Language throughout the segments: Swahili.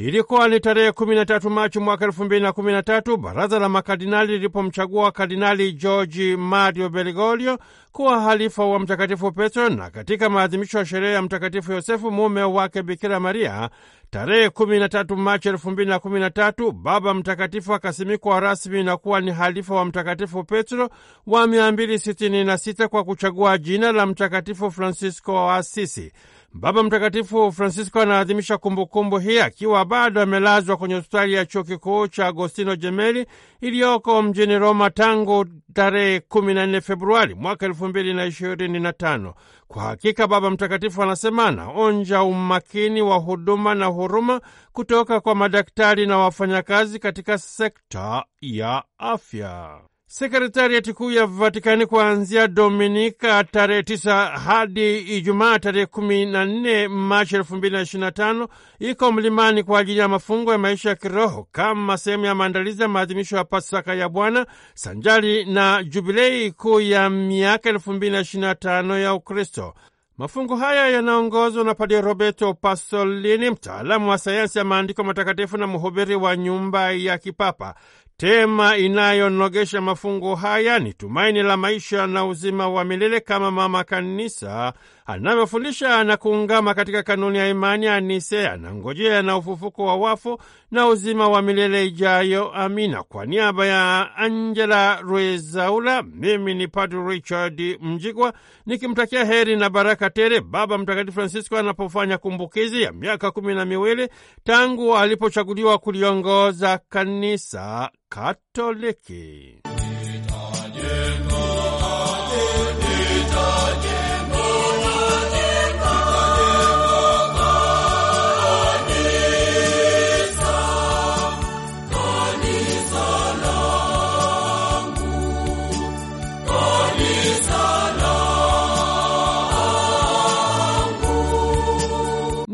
Ilikuwa ni tarehe 13 Machi mwaka 2013 baraza la makardinali lilipomchagua Kardinali George Mario Bergoglio kuwa halifa wa Mtakatifu Petro, na katika maadhimisho ya sherehe ya Mtakatifu Yosefu mume wake Bikira Maria tarehe 13 Machi 2013 Baba Mtakatifu akasimikwa rasmi na kuwa ni halifa wa Mtakatifu Petro wa 266 kwa kuchagua jina la Mtakatifu Francisco wa Asisi. Baba Mtakatifu Francisco anaadhimisha kumbukumbu hii akiwa bado amelazwa kwenye hospitali ya chuo kikuu cha Agostino Jemeli iliyoko mjini Roma tangu tarehe 14 Februari mwaka 2025. Kwa hakika Baba Mtakatifu anasema anaonja umakini wa huduma na huruma kutoka kwa madaktari na wafanyakazi katika sekta ya afya. Sekretariati kuu ya Vatikani kuanzia Dominika tarehe tisa hadi Ijumaa tarehe kumi na nne Machi elfu mbili na ishirini na tano iko mlimani kwa ajili ya mafungo ya maisha ya kiroho kama sehemu ya maandalizi ya maadhimisho ya Pasaka ya Bwana sanjari na jubilei kuu ya miaka elfu mbili na ishirini na tano ya Ukristo. Mafungo haya yanaongozwa na Padre Roberto Pasolini, mtaalamu wa sayansi ya maandiko matakatifu na mhubiri wa nyumba ya kipapa. Tema inayonogesha mafungo haya ni tumaini la maisha na uzima wa milele, kama mama kanisa anavyofundisha na kuungama katika kanuni ya imani ya Nisea na na ufufuko wa wafu na uzima wa milele ijayo. Amina. Kwa niaba ya Angela Rwezaula, mimi ni Padre Richard Mjigwa nikimtakia heri na baraka tele Baba Mtakatifu Francisco anapofanya kumbukizi ya miaka kumi na miwili tangu alipochaguliwa kuliongoza kanisa Katoliki.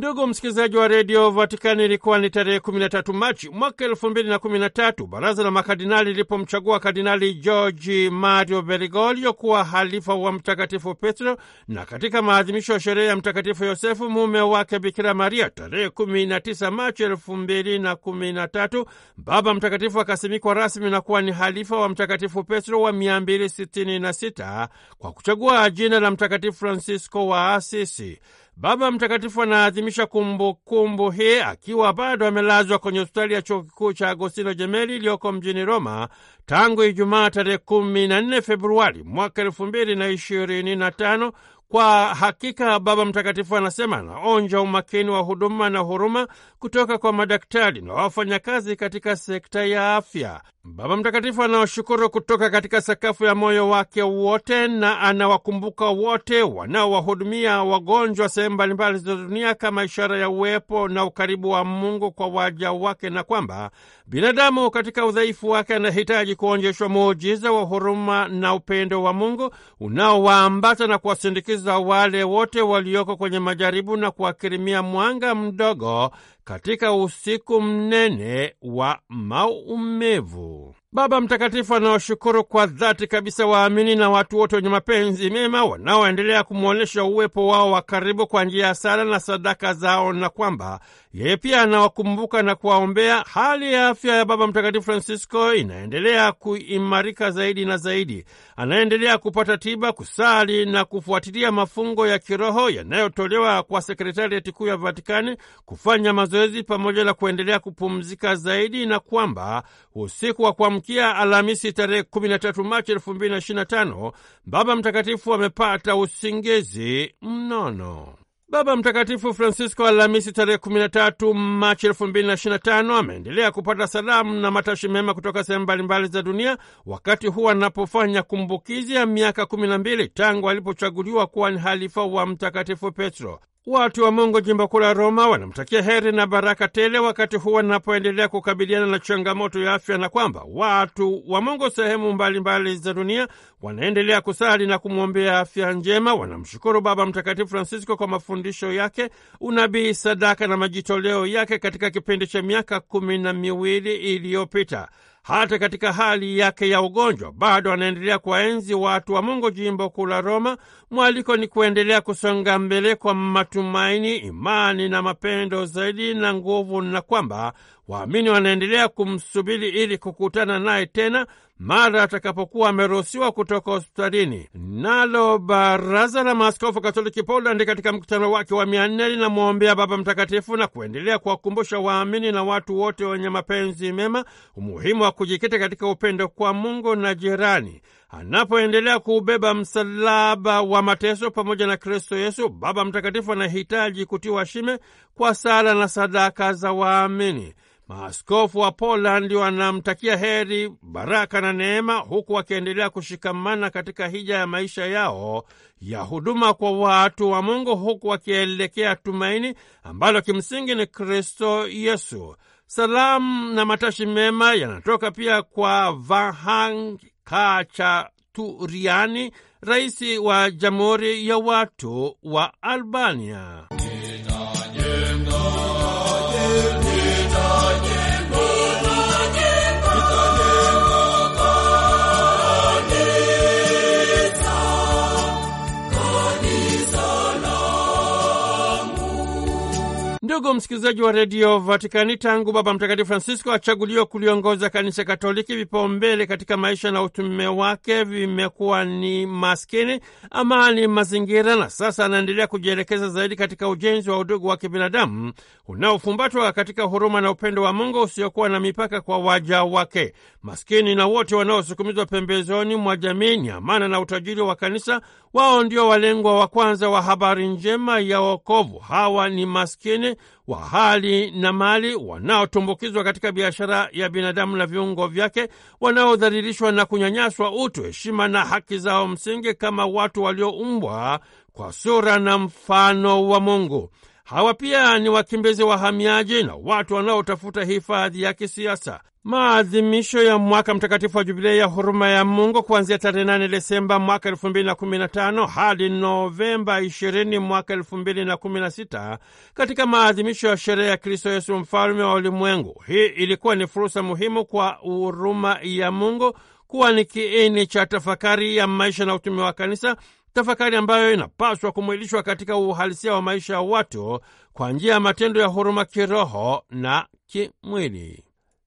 Ndugu msikilizaji wa redio Vatikani, ilikuwa ni tarehe 13 Machi mwaka 2013 baraza la makardinali lilipomchagua Kardinali Georgi Mario Bergoglio kuwa halifa wa Mtakatifu Petro, na katika maadhimisho ya sherehe ya Mtakatifu Yosefu mume wake Bikira Maria tarehe 19 Machi 2013, Baba Mtakatifu akasimikwa rasmi na kuwa ni halifa wa Mtakatifu Petro wa 266 kwa kuchagua jina la Mtakatifu Francisco wa Asisi. Baba Mtakatifu anaadhimisha kumbukumbu hii akiwa bado amelazwa kwenye hospitali ya chuo kikuu cha Agostino Jemeli iliyoko mjini Roma tangu Ijumaa tarehe 14 Februari mwaka elfu mbili na ishirini na tano kwa hakika Baba Mtakatifu anasema anaonja umakini wa huduma na huruma kutoka kwa madaktari na wafanyakazi katika sekta ya afya. Baba Mtakatifu anawashukuru kutoka katika sakafu ya moyo wake wote na anawakumbuka wote wanaowahudumia wagonjwa sehemu mbalimbali za dunia kama ishara ya uwepo na ukaribu wa Mungu kwa waja wake, na kwamba binadamu katika udhaifu wake anahitaji kuonjeshwa muujiza wa huruma na upendo wa Mungu unaowaambata na kuwasindikiza za wale wote walioko kwenye majaribu na kuwakirimia mwanga mdogo katika usiku mnene wa maumivu. Baba Mtakatifu anawashukuru kwa dhati kabisa waamini na watu wote wenye mapenzi mema wanaoendelea kumwonyesha uwepo wao wa karibu kwa njia ya sala na sadaka zao, na kwamba yeye pia anawakumbuka na kuwaombea. Hali ya afya ya Baba Mtakatifu Francisco inaendelea kuimarika zaidi na zaidi, anaendelea kupata tiba, kusali na kufuatilia mafungo ya kiroho yanayotolewa kwa sekretarieti kuu ya Vatikani, kufanya mazoezi pamoja na kuendelea kupumzika zaidi, na kwamba usiku wa kwa Kufikia Alhamisi tarehe 13 Machi 2025, Baba Mtakatifu amepata usingizi mnono. Baba Mtakatifu Francisco Alhamisi tarehe 13 Machi 2025 ameendelea kupata salamu na matashi mema kutoka sehemu mbalimbali za dunia wakati huu anapofanya kumbukizi ya miaka 12 tangu alipochaguliwa kuwa ni halifa wa Mtakatifu Petro. Watu wa Mungu jimbo kuu la Roma wanamtakia heri na baraka tele wakati huu wanapoendelea kukabiliana na changamoto ya afya, na kwamba watu wa Mungu sehemu mbalimbali za dunia wanaendelea kusali na kumwombea afya njema. Wanamshukuru Baba Mtakatifu Francisco kwa mafundisho yake, unabii, sadaka na majitoleo yake katika kipindi cha miaka kumi na miwili iliyopita hata katika hali yake ya ugonjwa bado anaendelea kuwaenzi watu wa Mungu. Jimbo kuu la Roma, mwaliko ni kuendelea kusonga mbele kwa matumaini, imani na mapendo zaidi na nguvu, na kwamba Waamini wanaendelea kumsubiri ili kukutana naye tena mara atakapokuwa ameruhusiwa kutoka hospitalini. Nalo Baraza la Maaskofu Katoliki Poland katika mkutano wake wa mia nne linamwombea Baba Mtakatifu na kuendelea kuwakumbusha waamini na watu wote wenye mapenzi mema umuhimu wa kujikita katika upendo kwa Mungu na jirani anapoendelea kuubeba msalaba wa mateso pamoja na Kristo Yesu, Baba Mtakatifu anahitaji kutiwa shime kwa sala na sadaka za waamini. Maaskofu wa Polandi wanamtakia heri, baraka na neema, huku wakiendelea kushikamana katika hija ya maisha yao ya huduma kwa watu wa Mungu, huku wakielekea tumaini ambalo kimsingi ni Kristo Yesu. Salamu na matashi mema yanatoka pia kwa Vahang Kachaturiani, rais wa Jamhuri ya Watu wa Albania. Ndugu msikilizaji wa redio Vatikani, tangu Baba Mtakatifu Francisco achaguliwa kuliongoza kanisa Katoliki, vipaumbele katika maisha na utume wake vimekuwa ni maskini, amani, mazingira, na sasa anaendelea kujielekeza zaidi katika ujenzi wa udugu wa kibinadamu unaofumbatwa katika huruma na upendo wa Mungu usiokuwa na mipaka kwa waja wake maskini na wote wanaosukumizwa pembezoni mwa jamii. Ni amana na utajiri wa kanisa, wao ndio walengwa wa kwanza wa habari njema ya wokovu. Hawa ni maskini wa hali na mali, wanaotumbukizwa katika biashara ya binadamu na viungo vyake, wanaodhalilishwa na kunyanyaswa utu, heshima na haki zao msingi, kama watu walioumbwa kwa sura na mfano wa Mungu. Hawa pia ni wakimbizi, wahamiaji na watu wanaotafuta hifadhi ya kisiasa. Maadhimisho ya mwaka mtakatifu wa Jubilei ya huruma ya Mungu kuanzia tarehe nane Desemba mwaka tano hadi Novemba ishirini mwaka sita katika maadhimisho ya sherehe ya Kristo Yesu mfalme wa ulimwengu. Hii ilikuwa ni fursa muhimu kwa huruma ya Mungu kuwa ni kiini cha tafakari ya maisha na utumi wa kanisa tafakari ambayo inapaswa kumwilishwa katika uhalisia wa maisha ya watu kwa njia ya matendo ya huruma kiroho na kimwili.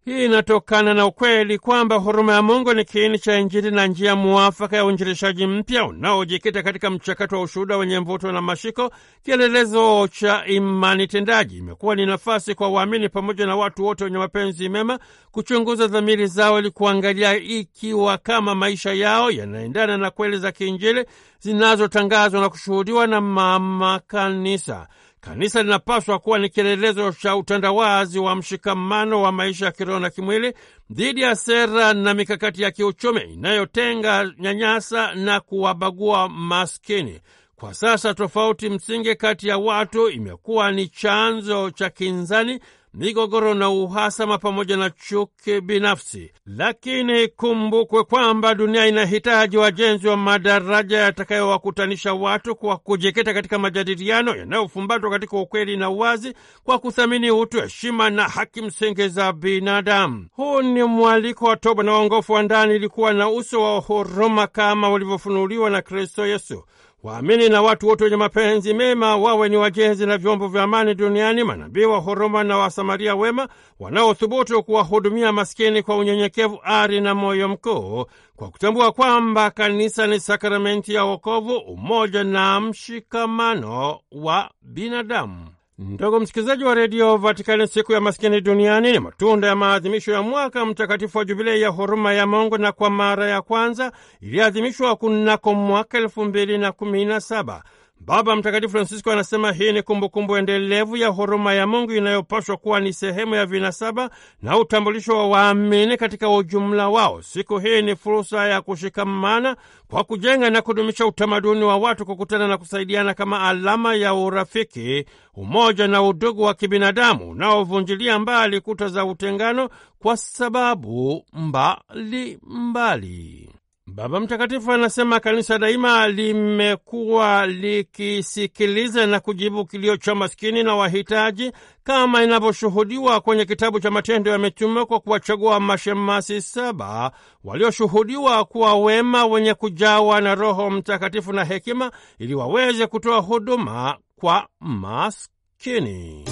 Hii inatokana na ukweli kwamba huruma ya Mungu ni kiini cha Injili na njia mwafaka ya uinjilishaji mpya unaojikita katika mchakato wa ushuhuda wenye mvuto na mashiko, kielelezo cha imani tendaji. Imekuwa ni nafasi kwa waamini pamoja na watu wote wenye mapenzi mema kuchunguza dhamiri zao ili kuangalia ikiwa kama maisha yao yanaendana na kweli za kiinjili zinazotangazwa na kushuhudiwa na mama Kanisa. Kanisa linapaswa kuwa ni kielelezo cha utandawazi wa mshikamano wa maisha ya kiroho na kimwili dhidi ya sera na mikakati ya kiuchumi inayotenga, nyanyasa na kuwabagua maskini. Kwa sasa tofauti msingi kati ya watu imekuwa ni chanzo cha kinzani migogoro na uhasama pamoja na chuki binafsi. Lakini kumbukwe kwamba dunia inahitaji wajenzi wa madaraja yatakayowakutanisha watu kwa kujikita katika majadiliano yanayofumbatwa katika ukweli na uwazi, kwa kuthamini utu, heshima na haki msingi za binadamu. Huu ni mwaliko wa toba na uongofu wa ndani, ilikuwa na uso wa huruma kama ulivyofunuliwa na Kristo Yesu. Waamini na watu wote wenye mapenzi mema wawe ni wajenzi na vyombo vya amani duniani, manabii wa huruma na wasamaria wema wanaothubutu kuwahudumia maskini kwa unyenyekevu, ari na moyo mkuu, kwa kutambua kwamba kanisa ni sakramenti ya wokovu, umoja na mshikamano wa binadamu. Mm-hmm. Ndugu msikilizaji wa redio Vatikani, siku ya maskini duniani ni matunda ya maadhimisho ya mwaka mtakatifu wa jubilei ya huruma ya Mungu, na kwa mara ya kwanza iliadhimishwa kunako mwaka elfu mbili na kumi na saba. Baba Mtakatifu Francisco anasema hii ni kumbukumbu endelevu ya huruma ya Mungu inayopaswa kuwa ni sehemu ya vinasaba na utambulisho wa waamini katika ujumla wao. Siku hii ni fursa ya kushikamana kwa kujenga na kudumisha utamaduni wa watu kukutana na kusaidiana kama alama ya urafiki, umoja na udugu wa kibinadamu unaovunjilia mbali kuta za utengano kwa sababu mbalimbali mbali. Baba Mtakatifu anasema kanisa daima limekuwa likisikiliza na kujibu kilio cha maskini na wahitaji kama inavyoshuhudiwa kwenye kitabu cha Matendo ya Mitume kwa kuwachagua mashemasi saba walioshuhudiwa kuwa wema, wenye kujawa na Roho Mtakatifu na hekima, ili waweze kutoa huduma kwa maskini.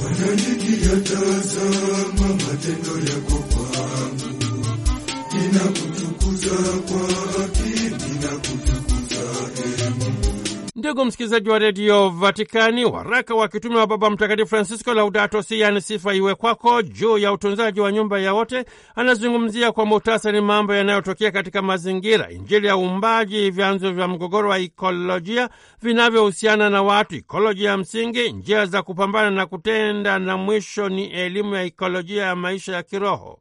inakutukuza kwa Ndugu msikilizaji wa redio Vatikani, waraka wa kitume wa Baba Mtakatifu Francisco Laudato Si, yaani sifa iwe kwako, juu ya utunzaji wa nyumba ya wote, anazungumzia kwa muhtasari mambo yanayotokea katika mazingira, Injili ya uumbaji, vyanzo vya mgogoro wa ikolojia vinavyohusiana na watu, ikolojia ya msingi, njia za kupambana na kutenda, na mwisho ni elimu ya ikolojia ya maisha ya kiroho.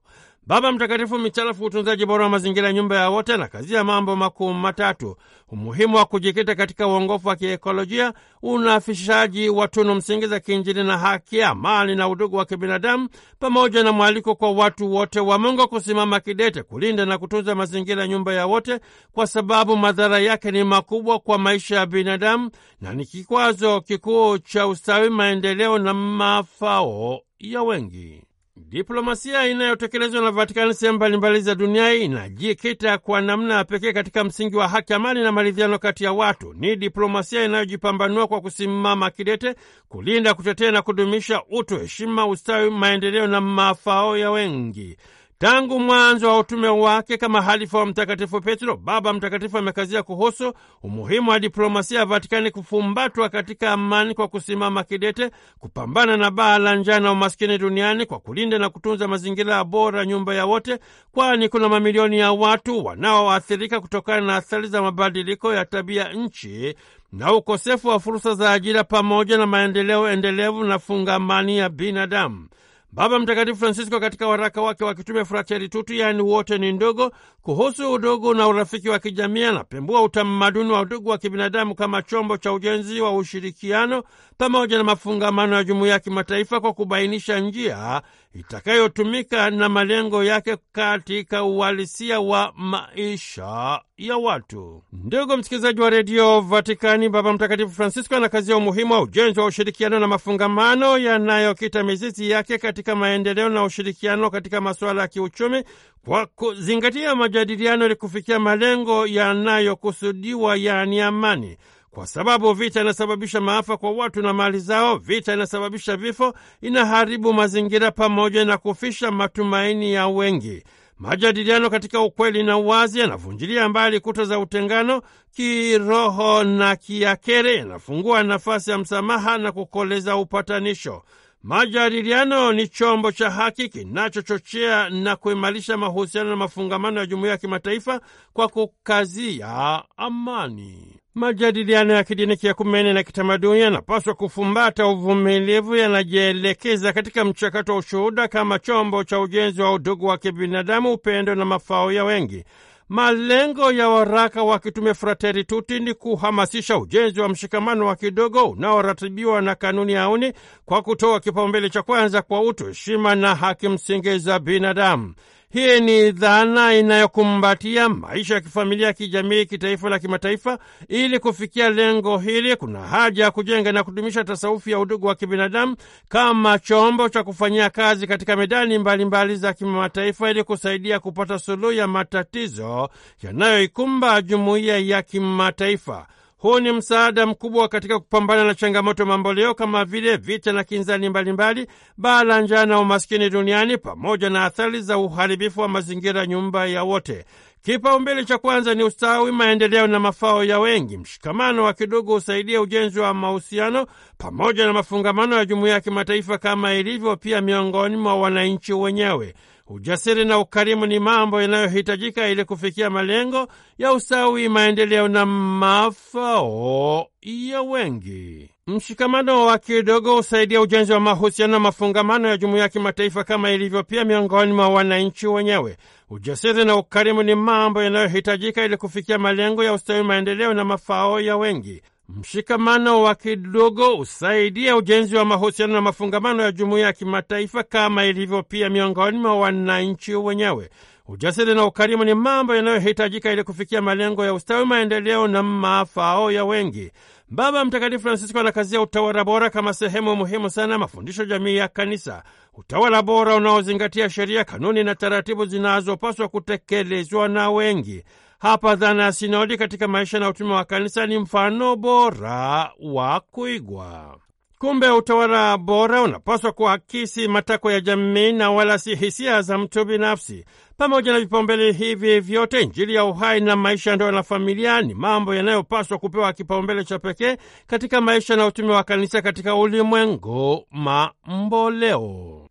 Baba Mtakatifu micharafu utunzaji bora wa mazingira ya nyumba ya wote na kazi ya mambo makuu matatu: umuhimu wa kujikita katika uongofu wa kiekolojia, unafishaji wa tunu msingi za kiinjili na haki, amani na udugu wa kibinadamu, pamoja na mwaliko kwa watu wote wa Mungu kusimama kidete kulinda na kutunza mazingira ya nyumba ya wote, kwa sababu madhara yake ni makubwa kwa maisha ya binadamu na ni kikwazo kikuu cha ustawi, maendeleo na mafao ya wengi. Diplomasia inayotekelezwa na Vatikani sehemu mbalimbali za dunia inajikita kwa namna ya pekee katika msingi wa haki, amani na maridhiano kati ya watu. Ni diplomasia inayojipambanua kwa kusimama kidete kulinda, kutetea na kudumisha utu, heshima, ustawi, maendeleo na mafao ya wengi. Tangu mwanzo wa utume wake kama halifa wa Mtakatifu Petro, Baba Mtakatifu amekazia kuhusu umuhimu wa diplomasia ya Vatikani kufumbatwa katika amani kwa kusimama kidete kupambana na baa la njaa na umaskini duniani kwa kulinda na kutunza mazingira ya bora, nyumba ya wote, kwani kuna mamilioni ya watu wanaoathirika kutokana na athari za mabadiliko ya tabia nchi na ukosefu wa fursa za ajira pamoja na maendeleo endelevu na fungamani ya binadamu. Baba Mtakatifu Francisco katika waraka wake wa kitume Fratelli Tutti, yaani wote ni ndogo kuhusu udugu na urafiki wa kijamii, anapembua utamaduni wa udugu wa kibinadamu kama chombo cha ujenzi wa ushirikiano pamoja na mafungamano ya jumuiya ya kimataifa kwa kubainisha njia itakayotumika na malengo yake katika uhalisia wa maisha ya watu. Ndugu msikilizaji wa redio Vatikani, Baba Mtakatifu Francisco anakazia umuhimu wa ujenzi wa ushirikiano na mafungamano yanayokita mizizi yake katika maendeleo na ushirikiano katika masuala ya kiuchumi kwa kuzingatia majadiliano ili kufikia malengo yanayokusudiwa, yaani amani kwa sababu vita inasababisha maafa kwa watu na mali zao. Vita inasababisha vifo, inaharibu mazingira pamoja na kufisha matumaini ya wengi. Majadiliano katika ukweli na uwazi yanavunjilia mbali kuta za utengano kiroho na kiakere, yanafungua nafasi ya msamaha na kukoleza upatanisho. Majadiliano ni chombo cha haki kinachochochea na kuimarisha mahusiano na mafungamano ya jumuiya ya kimataifa kwa kukazia amani. Majadiliano ya kidini, kiakumene na kitamaduni yanapaswa kufumbata uvumilivu, yanajielekeza katika mchakato wa ushuhuda kama chombo cha ujenzi wa udugu wa kibinadamu, upendo na mafao ya wengi. Malengo ya waraka wa kitume Fratelli ni kuhamasisha ujenzi wa mshikamano wa kidogo unaoratibiwa na kanuni ya auni kwa kutoa kipaumbele cha kwanza kwa utu, heshima na haki msingi za binadamu. Hii ni dhana inayokumbatia maisha ya kifamilia, kijamii, kitaifa la kimataifa. Ili kufikia lengo hili, kuna haja ya kujenga na kudumisha tasawufi ya udugu wa kibinadamu kama chombo cha kufanyia kazi katika medani mbalimbali za kimataifa, ili kusaidia kupata suluhu ya matatizo yanayoikumba jumuiya ya kimataifa. Huu ni msaada mkubwa katika kupambana na changamoto mamboleo kama vile vita na kinzani mbalimbali, baa la njaa na umaskini duniani, pamoja na athari za uharibifu wa mazingira, nyumba ya wote. Kipaumbele cha kwanza ni ustawi, maendeleo na mafao ya wengi. Mshikamano wa kidugu husaidia ujenzi wa mahusiano pamoja na mafungamano ya jumuiya ya kimataifa kama ilivyo pia miongoni mwa wananchi wenyewe. Ujasiri na ukarimu ni mambo yanayohitajika ili kufikia malengo ya usawi, maendeleo na mafao ya wengi. Mshikamano wa kidogo husaidia ujenzi wa mahusiano na mafungamano ya jumuiya ya kimataifa kama ilivyo pia miongoni mwa wananchi wenyewe. Ujasiri na ukarimu ni mambo yanayohitajika ili kufikia malengo ya ustawi, maendeleo na mafao ya wengi. Mshikamano wa kidogo usaidia ujenzi wa mahusiano na mafungamano ya jumuiya ya kimataifa kama ilivyo pia miongoni mwa wananchi wenyewe. Ujasiri na ukarimu ni mambo yanayohitajika ili kufikia malengo ya ustawi, maendeleo na mafao ya wengi. Baba Mtakatifu Francisco anakazia utawala bora kama sehemu muhimu sana mafundisho jamii ya Kanisa, utawala bora unaozingatia sheria, kanuni na taratibu zinazopaswa kutekelezwa na wengi. Hapa dhana ya sinodi katika maisha na utume wa kanisa ni mfano bora wa kuigwa. Kumbe utawala bora unapaswa kuakisi matakwa ya jamii na wala si hisia za mtu binafsi. Pamoja na vipaumbele hivi vyote, Injili ya uhai na maisha ndoa na familia ni mambo yanayopaswa kupewa kipaumbele cha pekee katika maisha na utume wa kanisa katika ulimwengu mamboleo.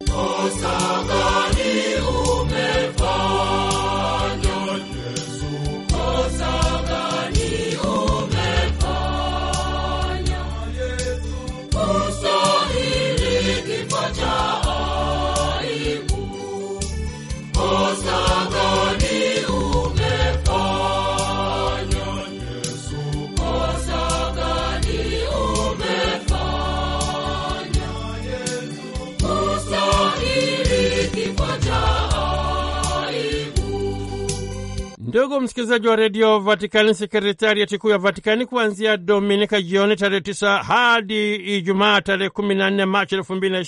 Ndugu msikilizaji wa redio Vatikani, sekretariati kuu ya Vatikani kuanzia Dominika jioni tarehe tisa hadi Ijumaa tarehe kumi na nne Machi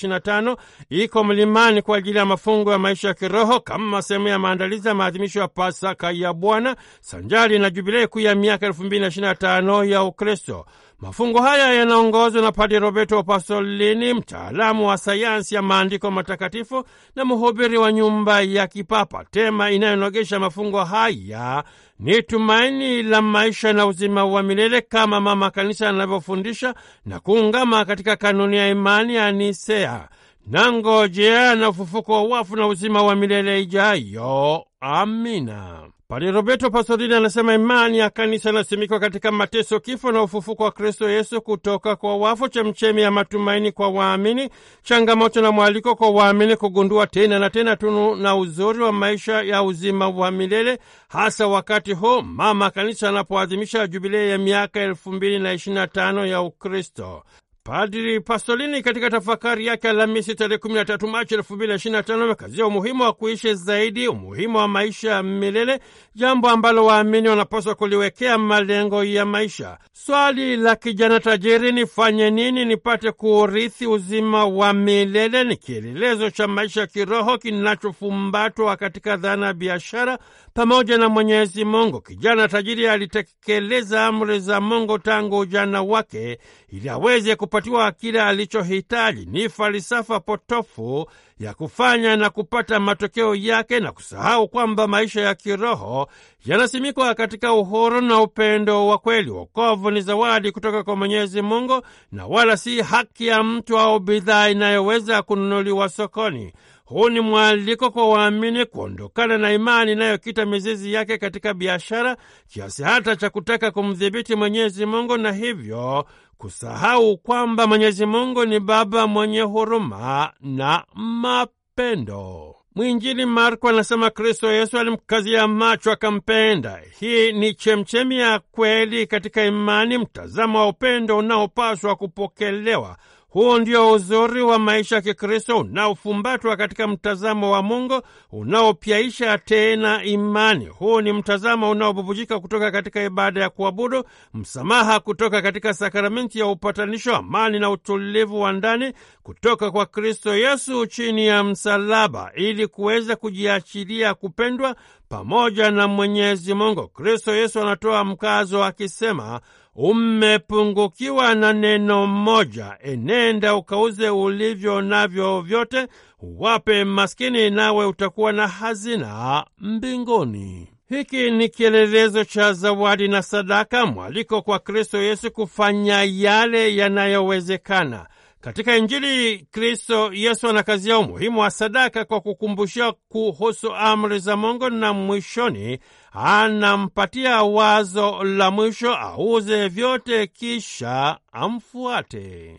na tano iko mlimani kwa ajili ya mafungo ya maisha ya kiroho kama sehemu ya maandalizi ya maadhimisho ya Pasaka ya Bwana sanjari na Jubilei kuu ya miaka na tano ya Ukristo. Mafungo haya yanaongozwa na Padre Roberto Pasolini, mtaalamu wa sayansi ya maandiko matakatifu na mhubiri wa nyumba ya kipapa. Tema inayonogesha mafungo haya ni tumaini la maisha na uzima wa milele kama Mama Kanisa anavyofundisha na kuungama katika kanuni ya imani ya Nisea na ngojea na ufufuko wa wafu na uzima wa milele ijayo. Amina. Padre Roberto Pasolini anasema imani ya kanisa inasimikwa katika mateso, kifo na ufufuko wa Kristo Yesu kutoka kwa wafu, chemchemi ya matumaini kwa waamini, changamoto na mwaliko kwa waamini kugundua tena na tena tunu na uzuri wa maisha ya uzima wa milele, hasa wakati huu mama kanisa anapoadhimisha jubilei ya miaka elfu mbili na ishirini na tano ya Ukristo. Padri Pasolini katika tafakari yake Alhamisi tarehe 13 Machi 2025 amekazia umuhimu wa kuishi zaidi, umuhimu wa maisha ya milele, jambo ambalo waamini wanapaswa kuliwekea malengo ya maisha. Swali la kijana tajiri, nifanye nini nipate kuurithi uzima wa milele, ni kielelezo cha maisha ya kiroho kinachofumbatwa katika dhana ya biashara pamoja na Mwenyezi Mungu. Kijana tajiri alitekeleza amri za Mungu tangu ujana wake ili aweze kupatiwa kile alichohitaji. Ni falsafa potofu ya kufanya na kupata matokeo yake na kusahau kwamba maisha ya kiroho yanasimikwa katika uhuru na upendo wa kweli. Wokovu ni zawadi kutoka kwa Mwenyezi Mungu na wala si haki ya mtu au bidhaa inayoweza kununuliwa sokoni. Huu ni mwaliko kwa waamini kuondokana na imani inayokita mizizi yake katika biashara kiasi hata cha kutaka kumdhibiti Mwenyezi Mungu na hivyo kusahau kwamba Mwenyezi Mungu ni Baba mwenye huruma na mapendo. Mwinjili Marko anasema Kristo Yesu alimkazia macho akampenda. Hii ni chemchemi ya kweli katika imani, mtazamo wa upendo unaopaswa kupokelewa huu ndio uzuri wa maisha ya Kikristo unaofumbatwa katika mtazamo wa Mungu unaopyaisha tena imani. Huu ni mtazamo unaobubujika kutoka katika ibada ya kuabudu, msamaha kutoka katika sakramenti ya upatanisho, amani na utulivu wa ndani kutoka kwa Kristo Yesu chini ya msalaba, ili kuweza kujiachilia kupendwa pamoja na Mwenyezi Mungu. Kristo Yesu anatoa mkazo akisema umepungukiwa na neno moja: enenda ukauze ulivyo navyo vyote, uwape maskini, nawe utakuwa na hazina mbinguni. Hiki ni kielelezo cha zawadi na sadaka, mwaliko kwa Kristo Yesu kufanya yale yanayowezekana. Katika Injili, Kristo Yesu anakazia umuhimu wa sadaka kwa kukumbushia kuhusu amri za Mungu na mwishoni anampatia wazo la mwisho auze vyote kisha amfuate.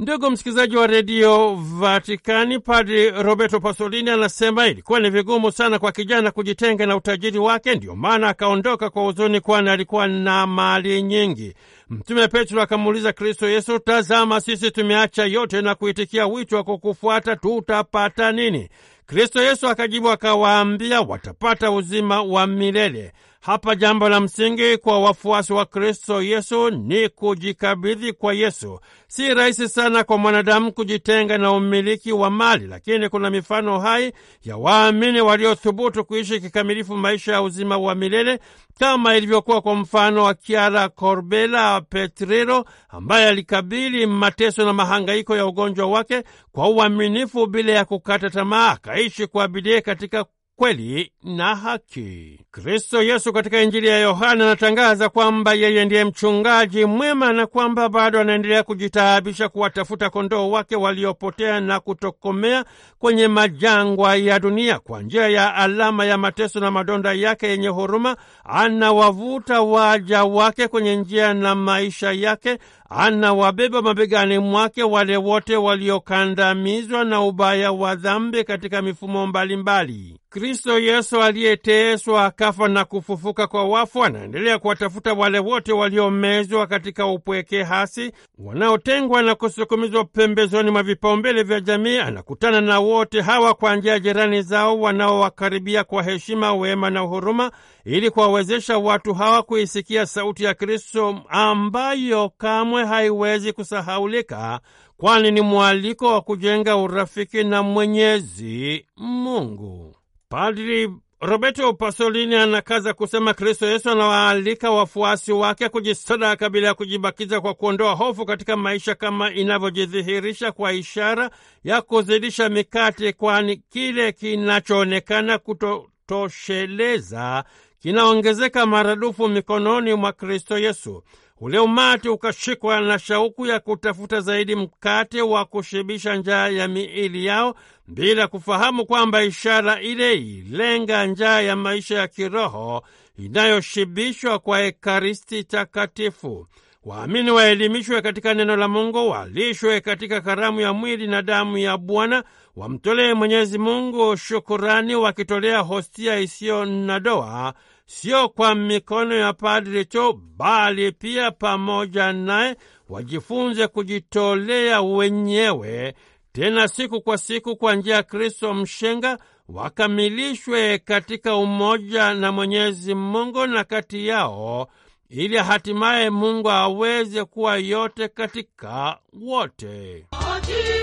Ndugu msikilizaji wa redio Vatikani, Padri Roberto Pasolini anasema ilikuwa ni vigumu sana kwa kijana kujitenga na utajiri wake, ndiyo maana akaondoka kwa huzuni, kwani alikuwa na mali nyingi. Mtume Petro akamuuliza Kristo Yesu, tazama, sisi tumeacha yote na kuitikia wito wa kukufuata, tutapata nini? Kristo Yesu akajibu akawaambia, watapata uzima wa milele. Hapa jambo la msingi kwa wafuasi wa Kristo Yesu ni kujikabidhi kwa Yesu. Si rahisi sana kwa mwanadamu kujitenga na umiliki wa mali, lakini kuna mifano hai ya waamini waliothubutu kuishi kikamilifu maisha ya uzima wa milele kama ilivyokuwa kwa mfano wa Chiara Corbella Petrillo ambaye alikabili mateso na mahangaiko ya ugonjwa wake kwa uaminifu bila ya kukata tamaa, akaishi kwa bidii katika kweli na haki. Kristo Yesu katika Injili ya Yohana anatangaza kwamba yeye ndiye mchungaji mwema na kwamba bado anaendelea kujitaabisha kuwatafuta kondoo wake waliopotea na kutokomea kwenye majangwa ya dunia. Kwa njia ya alama ya mateso na madonda yake yenye huruma, anawavuta waja wake kwenye njia na maisha yake, anawabeba mabegani mwake wale wote waliokandamizwa na ubaya wa dhambi katika mifumo mbalimbali mbali. Kristo Yesu aliyeteswa akafa na kufufuka kwa wafu anaendelea kuwatafuta wale wote waliomezwa katika upweke hasi, wanaotengwa na kusukumizwa pembezoni mwa vipaumbele vya jamii. Anakutana na wote hawa kwa njia ya jirani zao wanaowakaribia kwa heshima, wema na huruma, ili kuwawezesha watu hawa kuisikia sauti ya Kristo ambayo kamwe haiwezi kusahaulika, kwani ni mwaliko wa kujenga urafiki na Mwenyezi Mungu. Padri Roberto Pasolini anakaza kusema Kristo Yesu anawaalika wafuasi wake kujisadaka bila ya kujibakiza kwa kuondoa hofu katika maisha kama inavyojidhihirisha kwa ishara ya kuzidisha mikate, kwani kile kinachoonekana kutotosheleza kinaongezeka maradufu mikononi mwa Kristo Yesu. Ule umati ukashikwa na shauku ya kutafuta zaidi mkate wa kushibisha njaa ya miili yao bila kufahamu kwamba ishara ile ilenga njaa ya maisha ya kiroho inayoshibishwa kwa Ekaristi Takatifu. Waamini waelimishwe katika neno la Mungu, walishwe katika karamu ya mwili na damu ya Bwana, wamtolee Mwenyezi Mungu shukurani, wakitolea hostia isiyo na doa, sio kwa mikono ya padri tu, bali pia pamoja naye wajifunze kujitolea wenyewe tena siku kwa siku kwa njia ya Kristo mshenga wakamilishwe katika umoja na Mwenyezi Mungu na kati yao, ili hatimaye Mungu aweze kuwa yote katika wote Ati.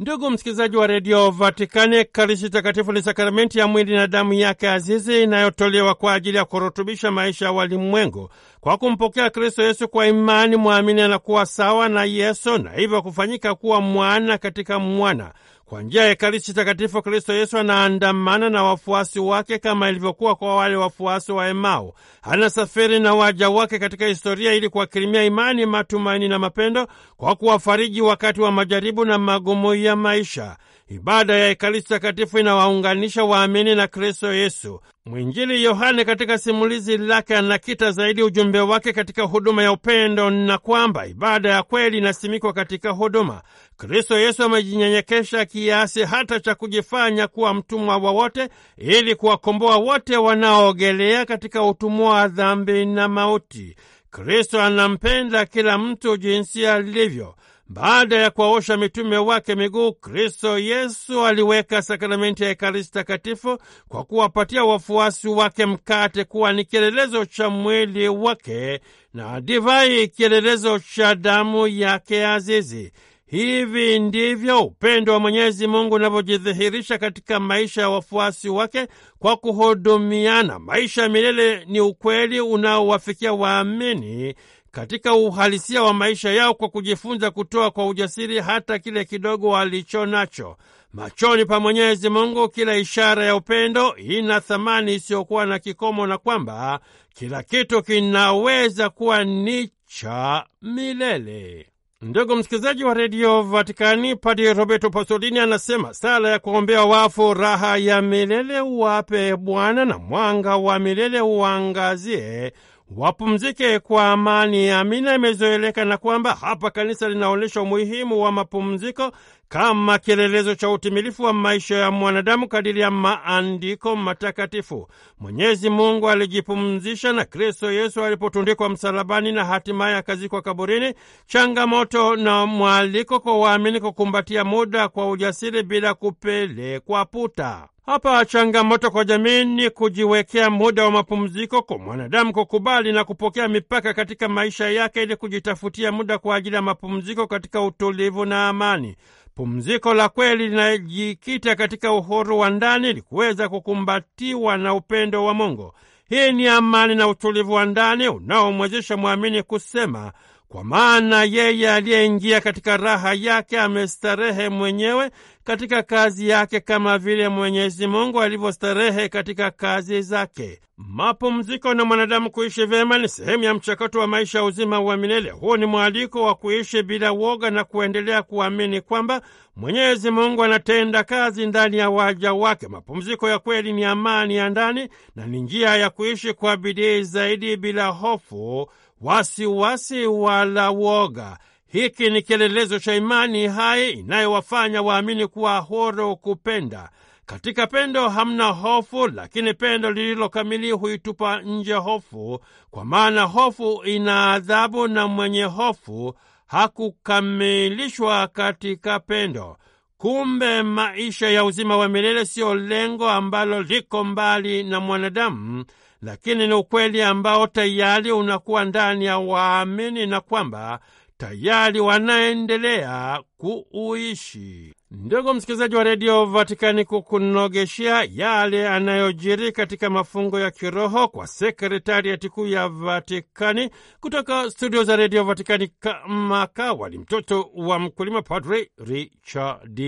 Ndugu msikilizaji wa redio Vatikani, ekarishi takatifu ni sakramenti ya mwili na damu yake azizi inayotolewa kwa ajili ya kurutubisha maisha ya walimwengu. Kwa kumpokea Kristo Yesu kwa imani, mwamini anakuwa sawa na Yesu na hivyo kufanyika kuwa mwana katika mwana. Kwa njia ya Ekaristi Takatifu, Kristo Yesu anaandamana na wafuasi wake kama ilivyokuwa kwa wale wafuasi wa Emau. Anasafiri na waja wake katika historia ili kuwakirimia imani, matumaini na mapendo kwa kuwafariji wakati wa majaribu na magumu ya maisha. Ibada ya Ekaristi Takatifu inawaunganisha waamini na Kristo Yesu. Mwinjili Yohane katika simulizi lake anakita zaidi ujumbe wake katika huduma ya upendo, na kwamba ibada ya kweli inasimikwa katika huduma. Kristo Yesu amejinyenyekesha kiasi hata cha kujifanya kuwa mtumwa wa wote, ili kuwakomboa wote wanaoogelea katika utumwa wa dhambi na mauti. Kristo anampenda kila mtu jinsi alivyo. Baada ya kuwaosha mitume wake miguu, Kristo Yesu aliweka sakramenti ya Ekaristi Takatifu kwa kuwapatia wafuasi wake mkate kuwa ni kielelezo cha mwili wake na divai kielelezo cha damu yake azizi. Hivi ndivyo upendo wa Mwenyezi Mungu unavyojidhihirisha katika maisha ya wafuasi wake kwa kuhudumiana. Maisha ya milele ni ukweli unaowafikia waamini katika uhalisia wa maisha yao kwa kujifunza kutoa kwa ujasiri hata kile kidogo walicho nacho. Machoni pa Mwenyezi Mungu kila ishara ya upendo ina thamani isiyokuwa na kikomo, na kwamba kila kitu kinaweza kuwa ni cha milele. Ndugu msikilizaji wa redio Vatikani, Padi Roberto Pasolini anasema sala ya kuombea wafu raha ya milele uwape Bwana, na mwanga wa milele uangazie wapumzike kwa amani. Amina. Imezoeleka na kwamba hapa kanisa linaonyesha umuhimu wa mapumziko kama kielelezo cha utimilifu wa maisha ya mwanadamu kadiri ya maandiko matakatifu. Mwenyezi Mungu alijipumzisha na Kristo Yesu alipotundikwa msalabani na hatimaye akazikwa kaburini. Changamoto na mwaliko kwa waamini kukumbatia muda kwa ujasiri bila kupelekwa puta. Hapa changamoto kwa jamii ni kujiwekea muda wa mapumziko, kwa mwanadamu kukubali na kupokea mipaka katika maisha yake ili kujitafutia muda kwa ajili ya mapumziko katika utulivu na amani. Pumziko la kweli linajikita katika uhuru wa ndani ili kuweza kukumbatiwa na upendo wa Mungu. Hii ni amani na utulivu wa ndani unaomwezesha mwamini kusema kwa maana yeye aliyeingia katika raha yake amestarehe mwenyewe katika kazi yake kama vile Mwenyezi Mungu alivyostarehe katika kazi zake. Mapumziko na mwanadamu kuishi vyema ni sehemu ya mchakato wa maisha uzima wa milele. Huu ni mwaliko wa kuishi bila woga na kuendelea kuamini kwamba Mwenyezi Mungu anatenda kazi ndani ya waja wake. Mapumziko ya kweli ni amani ya ndani na ni njia ya kuishi kwa bidii zaidi bila hofu wasiwasi wala woga. Hiki ni kielelezo cha imani hai inayowafanya waamini kuwa huru kupenda. Katika pendo hamna hofu, lakini pendo lililokamili huitupa nje hofu, kwa maana hofu ina adhabu na mwenye hofu hakukamilishwa katika pendo. Kumbe maisha ya uzima wa milele siyo lengo ambalo liko mbali na mwanadamu, lakini ni ukweli ambao tayari unakuwa ndani ya waamini na kwamba tayari wanaendelea kuuishi. Ndugu msikilizaji wa redio Vatikani, kukunogeshea yale anayojiri katika mafungo ya kiroho kwa sekretariati kuu ya Vatikani, kutoka studio za redio Vatikani kamaka wali mtoto wa mkulima, Padre Richard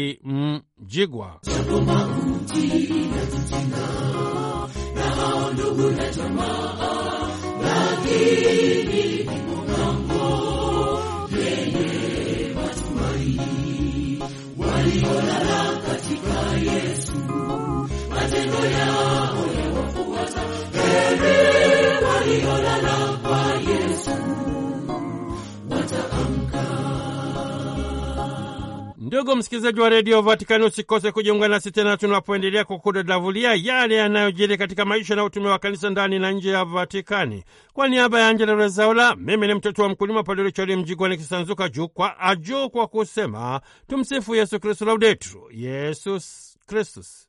Mjigwa jamaa lakini Ndugu msikilizaji wa redio Vatikani, usikose kujiunga nasi tena tunapoendelea kukudadavulia yale yanayojiri katika maisha na utume wa kanisa ndani na nje ya Vatikani. Kwa niaba ya Angela Rezaula, mimi ni mtoto wa mkulima Padre Richard Mjigwa nikisanzuka juu kwa ajuu kwa kusema tumsifu Yesu Kristu, laudetur Yesus Kristus.